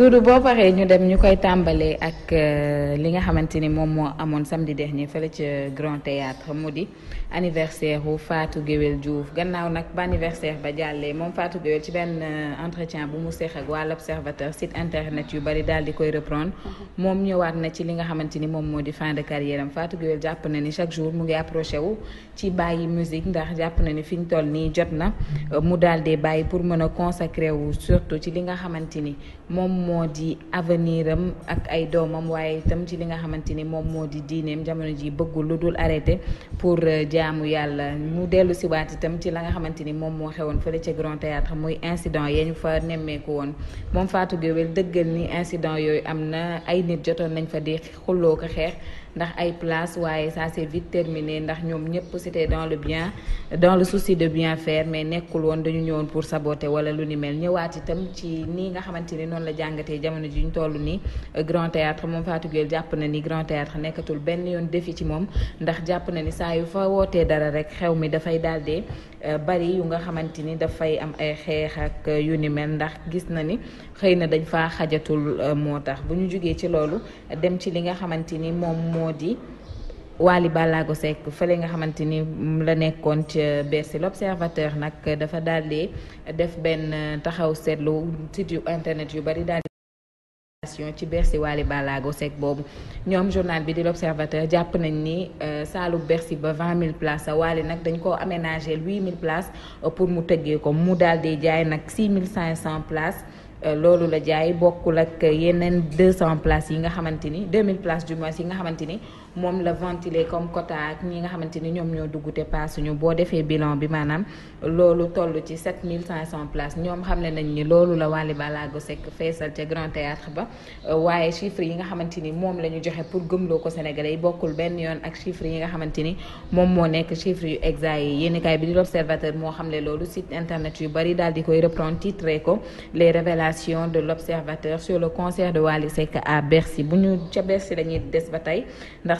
Doudou boo paree ñu dem ñu koy tàmbalee ak euh, li nga xamante ni moom moo amoon samedi dernier fële ca Grand Théâtre mu di anniversaire wu faatu géwél Diouf gannaaw nag ba anniversaire ba jàllee moom Fatou Guewel ci benn euh, entretien bu mu seex ak waa l'Observateur site internet yu bari daal di koy reprendre mhm. moom ñëwaat na ci li nga xamante ni moom moo di fin de carrière am Fatou jàpp na ni chaque jour mu ngi approché wu ci bàyyi musique ndax jàpp na ni fi ñu toll nii jot na euh, mu daal di bàyyi pour mën a consacré wu surtout ci li nga xamante ni moom moo di avenir am ak ay doomam waaye itam ci li nga xamante ni moom moo di diineem jamono ji bëggul lu dul arrêté pour. Euh, jaamu yàlla mu dellu si waat itam ci la nga xamante ni moom moo xewoon fële ca Grand Théâtre muy incident ya ñu fa nemmeeku woon moom Fatou Guewel dëggal ni incident yooyu am na ay nit jotoon nañ fa di xulloo ko xeex ndax ay place waaye ça s'est vite terminé ndax ñoom ñëpp c'était dans le bien dans le souci de bien faire mais nekkul woon dañu ñëwoon pour saboter wala lu ni mel ñëwaat itam ci nii nga xamante ni noonu la jàngatee jamono ji ñu toll nii grand théâtre moom Fatou Gueye jàpp na ni grand théâtre nekkatul benn yoon defi ci moom ndax jàpp na ni saa yu fa wootee dara rek xew mi dafay daal di euh, bari yu nga xamante ni dafay am ay xeex ak euh, yu ni mel ndax gis na ni xëy na dañ fa xajatul euh, moo tax bu ñu jógee ci loolu moo di waali Wally Ballago Seck fële nga xamante ni la nekkoon ca Bercy l'observateur nag dafa daal di def benn taxaw seetlu site yu internet yu bari daal ci Bercy waali Ballago Seck boobu ñoom journal bi di l'observateur jàpp nañ ni euh, saalu Bercy ba vingt mille places sa Wally nag dañ ko aménagé huit mille places pour mu tëggee ko mu daal di jaay nag six mille cinq cent place Euh, loolu la jaay bokkul ak yeneen deux 200 places yi nga xamante ni 2000 places du moins yi nga xamante ni moom la ventilé comme quota ak ñi nga xamante ni ñoom ñoo dugg te paasuñu boo defee bilan bi maanaam loolu toll ci 7500 places ñoom xamle nañ ni loolu la Wally Ballago Seck feesal ca Grand Théâtre ba euh, waaye chiffres yi nga xamante ni moom la ñu joxe pour gëmloo ko Sénégalais yi bokkul benn yoon ak chiffres yi nga xamante ni moom moo nekk chiffres yu exact yi yéenekaay bi di l'Observateur moo xamle loolu site internet yu bari daal di koy reprendre titré ko les révélations de l'Observateur sur le concert de Wally Seck à Bercy bu ñu ca Bercy lañuy des ba tey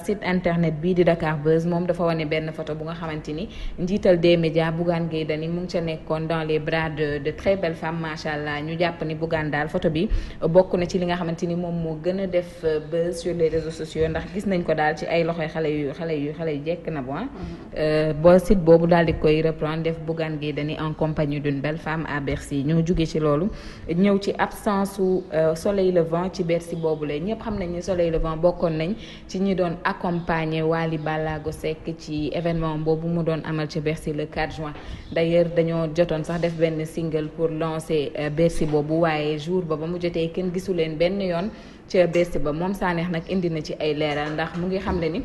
ndax site internet bii di Dakar Buzz moom dafa wane benn photo bu nga xamante ni njiital de médias Bougane Gueye Dany mu ngi ca nekkoon dans les bras de de très belles femmes ñu jàpp ni Bougane daal foto bi bokk na ci li nga xamante ni moom moo gën a def buzz sur les réseaux sociaux ndax gis nañ ko daal ci ay loxoy xale yu xale yu xale yu jekk na bon ah. euh, boo site boobu daal di koy reprendre def Bougane Gueye Dany en compagnie d'une belle femme à Bercy ñoo jugee ci loolu ñëw ci absence su euh, soleil levant ci Bercy boobu la ñëpp xam nañ ne accompagner Wally Ballago Seck ci événement boobu mu doon amal ca Bercy le quatre juin d'ailleurs dañoo jotoon sax def benn single pour lancer euh, Bercy boobu waaye jour ba ba mu jotee kenn gisu leen benn yoon ca Bercy ba moom Sanekh nag indi na ci ay leeral ndax mu ngi xam ne ni.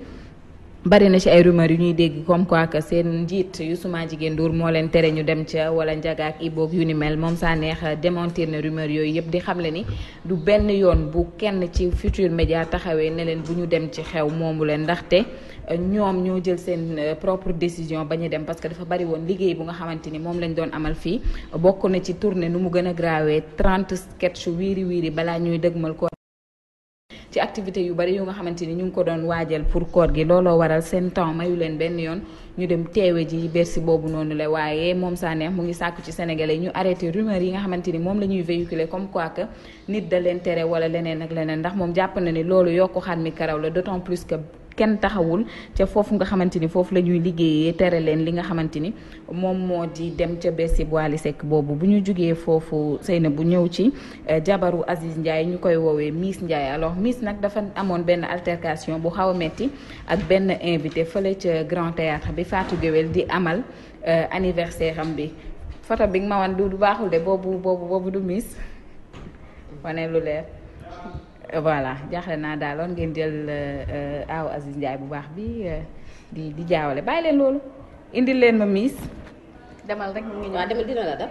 bari na ci ay rumeur yu ñuy dégg comme quoi que seen njiit Youssouma Jigéen Ndour moo leen tere ñu dem ca wala Ndiaga ak Ibou yu ni mel moom saa neex démentir na rumeur yooyu yëpp di xamle ni du benn yoon bu kenn ci future Médias taxawee ne leen bu ñu dem ci xew moomu leen ndaxte euh, ñoom ñoo jël seen euh, propre décision ba ñu dem parce que dafa bari woon liggéey bu nga xamante ni moom lañ doon amal fii bokk na ci tournée nu mu gën a graawee 30 sketch wiiri wiiri balaa ñuy dëgmal ko. ci activité yu bari yu nga xamante ni ñu ngi ko doon waajal pour koor gi looloo waral seen temps mayu leen benn yoon ñu dem teewe ji Bercy boobu noonu la waaye moom Sanékh mu ngi sàkku ci sénégalais ñu arrêté rumeur yi nga xamante ni moom la ñuy véhiculer comme quoi que nit da leen tere wala leneen ak leneen ndax moom jàpp na ni loolu yokk xar mi karaw la d'autant plus que kenn taxawul ca foofu nga xamante ni foofu la ñuy liggéeyee tere leen li nga xamante ni moom moo di dem ca Bessi Wally Seck boobu bu ñu jógee foofu Seyna bu ñëw ci eh, jabaru Aziz Ndiaye ñu koy woowee Miss Ndiaye alors Miss nag dafa amoon benn altercation bu xaw a metti ak benn invité fële ca Grand Théâtre bi Fatou Guewel di amal eh, anniversaire am bi photo bi nga ma du baaxul de boobu du miis wane lu leer voilà jaaxle naa daaloon ngeen jël aaw euh, euh, Aziz Ndiaye bu baax bi euh, di di jaawale bàyyi leen loolu indil leen ma miis. demal rek mu ngi ñëwaat demal dina la dab.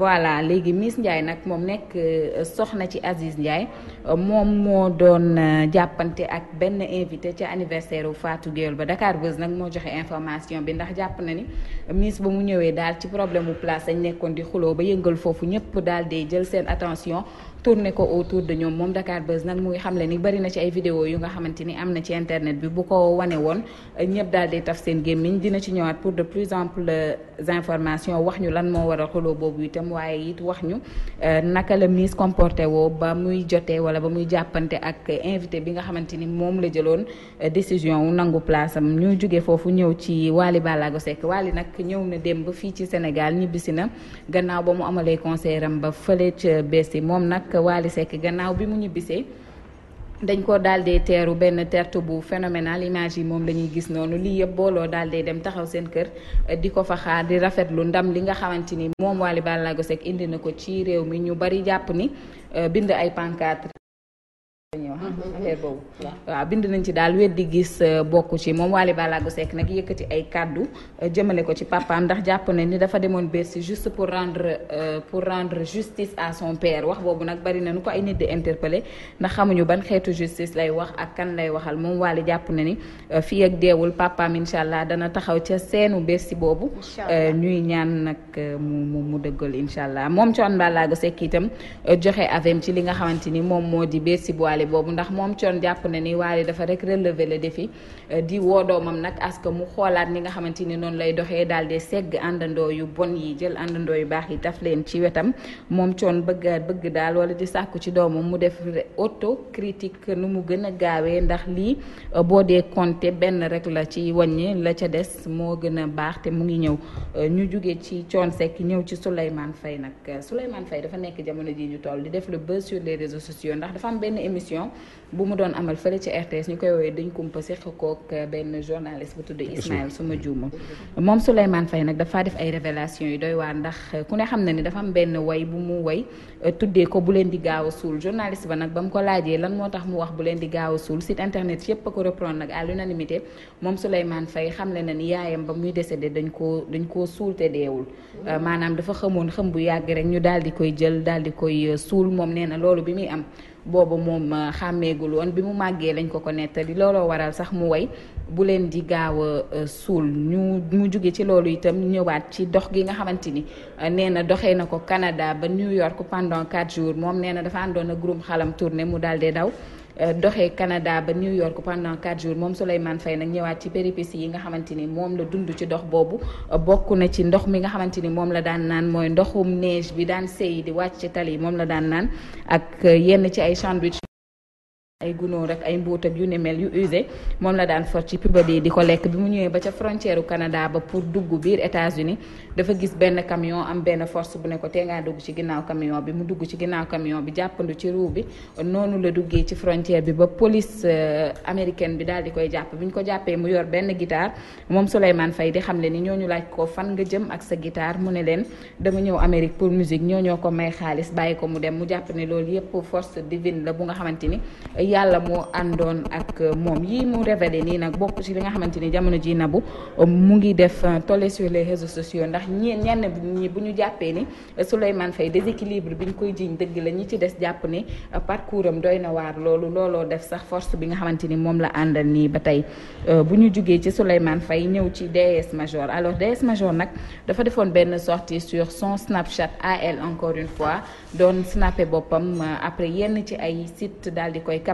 voilà léegi Miss Ndiaye nag moom nekk soxna ci Aziz Ndiaye moom moo doon jàppante ak benn invité ca anniversaire u Fatou ba Dakar Buzz nag moo joxe information bi ndax jàpp na ni Miss ba mu ñëwee daal ci problème place dañ nekkoon di xuloo ba yëngal foofu ñëpp daal di jël seen attention tourné ko autour de ñoom moom Dakar Buzz nag muy xamle ni bari na ci ay vidéo yu nga xamante ni am na ci internet bi bu ko wane woon ñëpp daal di taf seen gémmiñ dina ci ñëwaat pour de plus amples euh, informations wax ñu lan moo waral xuloo boobu itam waaye it wax ñu euh, naka la Miss comporté woo ba muy jotee wala ba muy jàppante ak invité bi nga xamante ni moom la jëloon euh, décision wu nangu place am ñu jóge foofu ñëw ci Wally Ballago Seck Wally nag ñëw na dem ba fii ci Sénégal ñibbisi na gannaaw ba mu amalee concert am ba fële ca Bercy moom nag ak Wally Seck gannaaw bi mu ñibbisee dañ ko daal di teeru benn terte bu phénoménal image yi moom la ñuy gis noonu lii yëpp booloo daal di dem taxaw seen kër eh, di ko fa xaar di rafetlu ndam li nga xamante ni moom Wally Ballago Seck indi na ko ci réew mi ñu bari jàpp ni eh, bind ay pancarte dañuy wax mhm. affaire boobu waaw bind nañ ci daal weddi gis euh, bokk ci moom Waly Ballago Seck nag yëkkati ay kàddu euh, jëmale ko ci papaam ndax jàpp na ni dafa demoon Bercy juste pour rendre euh, pour rendre justice à son père wax boobu nag bari na nu ko ay nit di interpellé ndax xamuñu ban xeetu justice lay wax ak kan lay waxal moom Waly jàpp na ni fii ak deewul papaam incha allah dana taxaw ca seenu Bercy boobu ñuy ñaan nag mu mu dëggal incha allah moom Thione Ballago Seck itam joxe avem ci li moo di Bercy Wally boobu ndax moom Thione jàpp na ni Wally dafa rek relever le défi euh, di woo doomam nag aska mu xoolaat ni nga xamante ni noonu lay doxee daal di segg àndandoo yu bon yi jël àndandoo yu baax yi taf leen ci wetam moom Thione bëgg bëgg daal wala di sàkku ci doomam mu def autocritique nu mu gën a gaawee ndax lii euh, boo dee compter benn rek la ci wàññi la ca des moo gën a baax te mu ngi ñëw euh, ñu jugee ci coon Seck ñëw ci Souleymane Faye nag Souleymane fay dafa nekk jamono ji ñu toll di def le buzz sur les émission bu mu doon amal fële ci RTS ñu koy woowee dañ kumpa séq kook euh, benn journaliste bu tudd Ismaël suma juuma moom Souleymane Faye nag dafa def ay révélation yi doy waar ndax ku ne xam ne ni dafa am benn way bu mu way euh, tuddee ko bu leen di gaaw suul journaliste ba nag ba mu ko laajee lan moo tax mu wax bu leen di gaaw a suul site internet yépp a ko reprendre nag à l'unanimité moom Souleymane Faye xamle na ni yaayam ba muy décédé dañ koo dañ koo suul te deewul euh, maanaam dafa xamoon xam bu yàgg rek ñu daal di koy jël daal di koy suul moom nee na loolu bi muy am boobu moom euh, xàmmeegul woon bi mu màggee lañ ko ko nettali looloo waral sax mu woy bu leen di gaaw a euh, suul ñu mu jóge ci loolu itam ñëwaat ci dox gi nga xamante ni euh, nee na doxee na ko Canada ba New York pendant 4 jours moom nee na dafa àndoon ak groupe xalam tournée mu daal di daw Euh, doxee Canada ba New York pendant quatre jours moom Souleymane Faye nag ñëwaat ci péripéties yi nga xamante ni moom la dundu ci dox boobu euh, bokk na ci ndox mi nga xamante ni moom la daan naan mooy ndoxum neige bi daan seey di wàcc ci tali yi moom la daan naan ak euh, yenn ci ay sandwich ay gunóor rek ay mbóotab yu ne mel yu usé moom la daan for ci pubadi yi di ko lekk bi mu ñëwee ba ca frontière u Canada ba pour dugg biir États-Unis dafa gis benn camion am benn force bu ne ko tee ngaa dugg ci ginnaaw camion bi mu dugg ci ginnaaw camion bi jàppandu ci ruu bi noonu la duggee ci frontière bi ba police euh, américaine bi daal di koy jàpp bi ñu ko jàppee mu yor benn guitare moom Souleymane fay di xam le ni ñooñu laaj ko fan nga jëm ak sa guitare mu ne leen dama ñëw Amérique pour musique ñoo ñoo ko may xaalis ko mu dem mu jàpp loolu yëpp force divine la bu nga xamante ni yàlla moo àndoon ak euh, moom yi mu révélé nii nag bokk ci li nga xamante ni jamono ji nabu euh, mu ngi def euh, tollé sur les réseaux sociaux ndax ñi ñenn ñi bu ñu jàppee ni Souleymane Faye déséquilibre bi ñu koy jiñ dëgg la ñi ci des jàpp ni parcours am doy na waar loolu looloo def sax force bi nga xamante ni moom la àndal nii ba tey bu ñu jugee ci Souleymane fay ñëw ci DS Major alors DS Major nag dafa defoon benn sortie sur son Snapchat à elle encore une fois doon snappé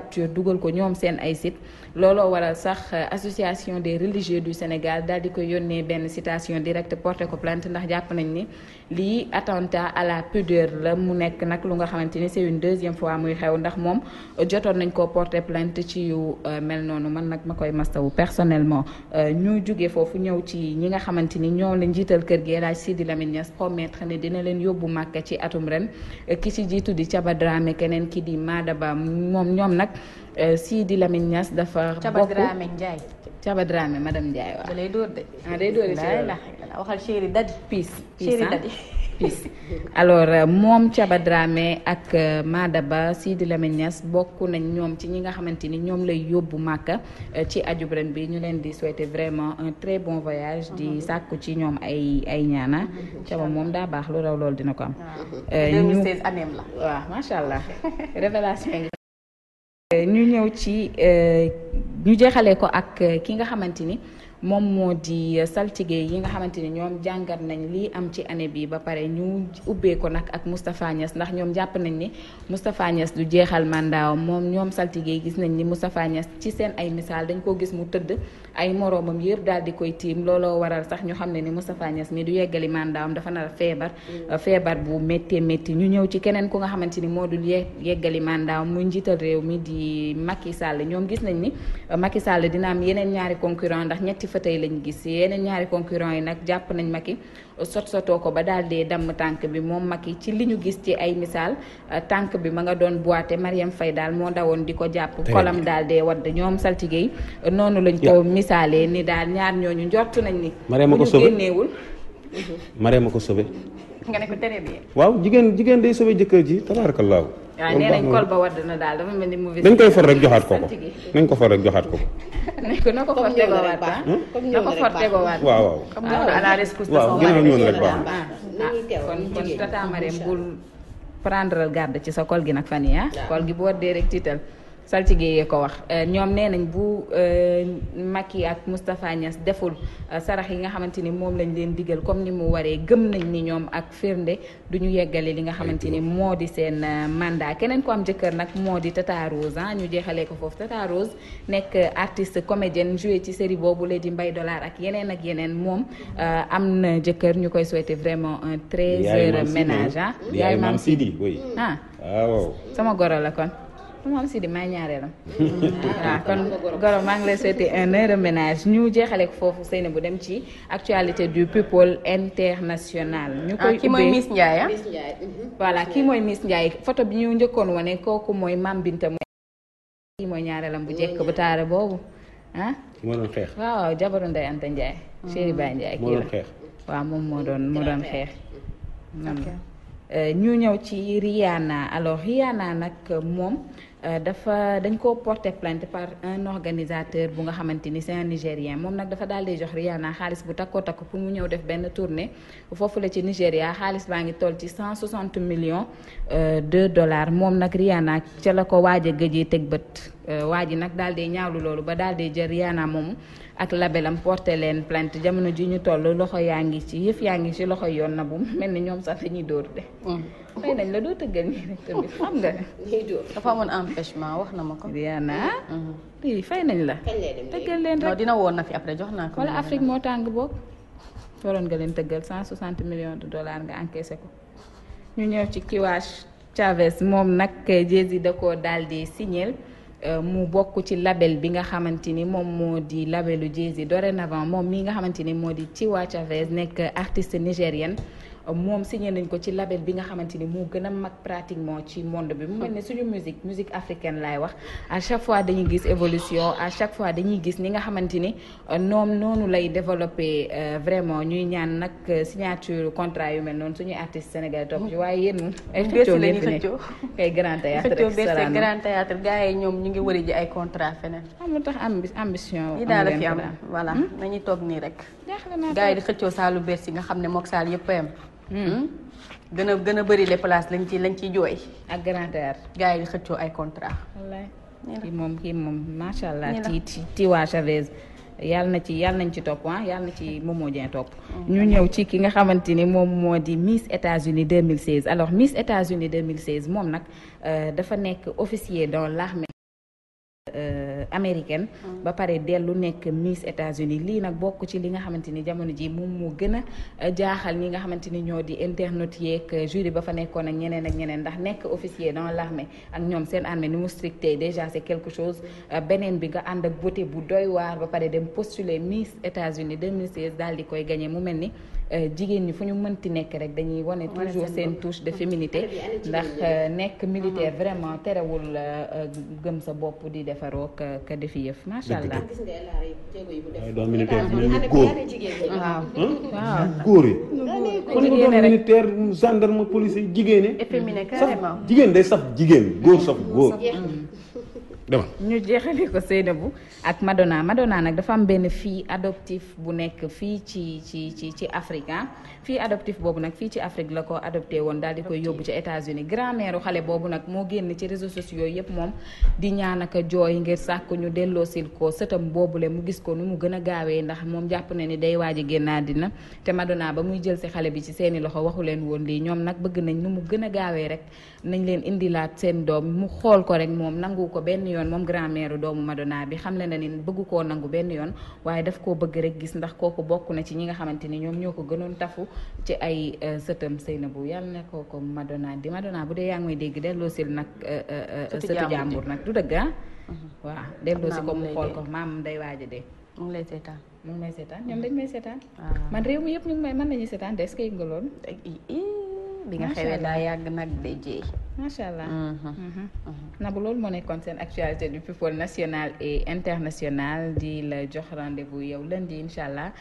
capture dugal ko ñoom seen ay site looloo waral sax euh, association des religieux du Sénégal daal di koy yónnee benn situation directe porté ko plainte ndax jàpp nañ ni lii attentat à la pudeur la mu nekk nag lu nga xamante ni une deuxième fois muy xew ndax moom jotoon nañ koo porté plainte ci yu euh, mel noonu man nag ma koy wu personnellement euh, ñu jugee foofu ñëw ci ñi nga xamante ni ñoo la njiital kër gi El Hadj di Lamine Niass promettre ne dina leen yóbbu màkka ci atum ren ki ci jiitu di Thiaba keneen ki di Madaba moom ñoom nag Euh, Sidi Lamine Niass dafa bokk Thiaba Dramé Ndiaye. Thiaba Dramé madame Ndiaye waaw. da lay door de. ah day alors euh, moom Thiaba Dramé ak euh, Madaba Sidi Lamine Niass bokk nañ ñoom ci ñi nga xamante ni ñoom lay yóbbu Màkka ci ajub ren bi ñu leen di souhaiter vraiment un très bon voyage. di mhm. sàkku ci ñoom ay ay ñaana. Thiaba moom daa baax lu raw dina ko am. allah révélation ñu ñëw ci euh, ñu jeexalee ko ak euh, ki nga xamante ni moom moo di euh, saltige yi nga xamante ni ñoom jàngat nañ lii am ci année bi ba pare ñu ubbee ko nag ak Moustapha Niass ndax ñoom jàpp nañ ni Moustapha Niass du jeexal mandaawam moom ñoom saltige gis nañ ni Moustapha Niass ci seen ay misaal dañ koo gis mu tëdd ay moroomam yëpp daal di koy tiim looloo waral sax ñu xam ne ni Moustapha Niass mi du yeggali mandaawam dafa nar feebar mm. euh, feebar bu métti métti ñu ñëw ci keneen ku nga xamante ni moo dul ye yeggali mandaawam muy njiital réew mi di Macky Sall ñoom gis nañ ni euh, Macky Sall dina am yeneen fa tey lañ gis yeneen ñaari concurrent yi nag jàpp nañ Macky sot sotoo ko ba daal di damm tànk bi moom Macky ci li ñu gis ci ay misaal tànk bi ma nga doon boité Mariam fay daal moo dawoon di ko jàpp kolam daal dee wadd ñoom saltige yi noonu lañ ko misaalee ni daal ñaar ñooñu njort nañ ni bu ñu génneewul Mariam ma ko sauvé nga ne ko tere bi waaw jigéen jigéen day sauvé jëkkër ji tabaarakallaahu waaw nee nañ kol ba wadd na daal dafa mel ni mu. dañ koy for rek joxaat ko ko nañ ko for rek joxaat ko ko. nañ ko na ko for tegoo waat ah? ko for tegoo waaw waaw gën ah, a ñëw rek baax kon kon tata Marème bul prendre garde ci sa kol gi nag fan yii ah? kol gi boo dee rek tiital. saltige yee ko wax euh, ñoom nee nañ bu euh, Macky ak Moustapha Niass deful euh, sarax yi nga xamante ni moom lañ leen digal comme ni mu waree gëm nañ ni ñoom ak firnde du ñu yeggale li nga xamante ni moo di seen mandat keneen ko am jëkkër nag moo di Tata Rose ah ñu jeexalee ko foofu Tata Rose nekk artiste comédienne joué ci série boobu la di Mbay Dollar ak yeneen ak yeneen moom am na jëkkër ñu koy souhaité vraiment un très heureux ménage ah yaay ah. Ah, sama goro la kon ku mu am si di may ñaareelam. waaw kon Goro maa ngi lay souhaiter un ménage ñu jeexale ko foofu Seyna bu dem ci actualité du people international. ñu ah, koy ubbee kii mooy Miss Ndiaye ah. Mhm. voilà kii mooy Miss Ndiaye photo bi ñu njëkkoon wane kooku mooy Mam Binta mooy. kii mooy ñaareelam bu jekk bu taare boobu ah. moo doon xeex waaw jabaru Ndeye Anta Ndiaye. Chéri kii la moo moom moo doon moo doon xeex. Euh, ñu ñëw ci Rihanna alors Rihanna nag moom Euh, dafa dañ ko porter plainte par un organisateur bu nga xamante ni c'est un Nigérien moom nag dafa daal di jox Rihanna xaalis bu takkoo takk pour mu ñëw def benn tournée foofu la ci Nigéria xaalis baa ngi toll ci cent soixante millions euh, de dollars moom nag Rihanna ca la ko waaj a gëjee teg bët. Euh, waa ji nag daal dee ñaawlu loolu ba daal dee jël Rihanna moomu ak labelam porte leen plainte jamono ji ñu toll loxo yaa ngi ci yëf yaa ngi ci loxo yoon na bu mel ni ñoom sax dañuy dóor de. Mm. la doo tëggal nii rek wax na ma ko. Rihanna. Mm-hmm. lii fay nañ la. tëggal leen rek dina woon na fi après jox naa ko. wala moo tàng boog. waroon nga leen tëggal 160 millions de dollars nga encaissé ko ñu ñëw ci kiwaas Chavez moom nag Jay-Z da koo daal di signal Euh, mu bokk ci label bi nga xamante ni moom moo di labelu Jay-Z dorénavant moom mii nga xamante ni moo di Tiwa Savage nekk artiste nigérienne moom signé nañ ko ci label bi nga xamante ni moo gën a mag pratiquement ci monde bi mu mel ne suñu musique musique africaine laay wax à chaque fois dañuy gis évolution à chaque fois dañuy gis ni nga xamante ni euh, noom noonu lay développé euh, vraiment ñuy ñaan nag euh, signature contrat yu mel noonu suñuy artiste sénégalais topp ci waaye yéen moom xëccoo ngeen fi nekk yi ñoom ñu ngi wëri ji ay contrat feneen amul ah, tax am voilà hmm? nañuy toog nii rek yi di xëccoo saalu bees yi nga xam ne mook saal yëpp yam Hmm. Hmm? gën a gën a bëri les places lañ ci lañ ciy jooy. ak grandeur. gars yi xëccoo ay contrat wallaay kii moom kii moom macha allah. ti ti Tiwa Chavez. yal na ci yàlla nañ ci topp ah yàlla na ci Momo Dieng topp. Hmm. ñu ñëw ci ki nga xamante ni moom moo di Miss États-Unis 2016 alors Miss États-Unis 2016 moom nag euh, dafa nekk officier dans l'armée Euh, américaine mm. ba pare dellu nekk Miss États-Unis lii nag bokk ci li nga xamante ni jamono ji moom mu gën a euh, jaaxal ñi nga xamante ni ñoo di internautes yeeg euh, jury ba fa nekkoon ak ñeneen ak ñeneen ndax nekk officier dans l'armée ak ñoom seen armée ni mu stricté déjà c'est quelque chose beneen bi nga ànd ak beauté bu doy waar ba pare dem postuler Miss États-Unis 2016 daal di koy gagné mu mel ni Euh, jigéen ñi fu ñu mënti nekk rek dañuy wane toujours seen touche de féminité ndax euh, nekk militaire vraiment terewul euh, gëm sa bopp di defaroo ka ka defi yëf macha allah. doon militaire mel ni góor yi waaw góor yi kon mu doon militaire gendarme policier jigéen sax jigéen day saf jigéen góor saf góor ñu jeexale ko Seynabou ak Madonna Madonna nag dafa am benn fille adoptive bu nekk fii ci ci ci ci Afrique ah. fii adoptif boobu nag fii ci Afrique la ko adopté woon dal di koy yóbbu ci États-Unis grand-mère xale boobu nag moo génn ci réseaux sociaux yëpp moom di ñaanaka ak jooy ngir sàkk ñu delloo sil ko sëtam boobule mu gis ko nu mu gën a gaawee ndax moom jàpp na ni day waaj génnaa génn àddina te Madonna ba muy jël si xale bi ci seeni loxo waxu leen woon lii ñoom nag bëgg nañ nu mu gën a gaawee rek nañ leen indilaat seen doom mu xool ko rek moom nangu ko benn yoon moom grand doomu Madonna bi xam le na ni bëggu koo nangu benn yoon waaye daf koo bëgg rek gis ndax kooku bokk na ci ñi nga xamante ni ñoom ñoo ko gënoon ci ay euh, sëtam na yàlla ne nekkoo ko Madonna di Madonna bu dee yaa may dégg delloo sil nag euh, euh, sëtu jàmbur nag du dëgg ah mhm. waaw delloo si ko mu xool ko maam day waaja de dee mu ngi lay seetaan mu may seetaan ñoom dañ may seetaan ah. man réew mi yëpp ñu may man nañu seetaan de est-ce que yëg nga loolu bi nga xewee daa yàgg nag de jeey macha allah mhm. mhm. na loolu moo nekkoon seen actualité du people national et international di la jox rendez-vous yow lundi incha allah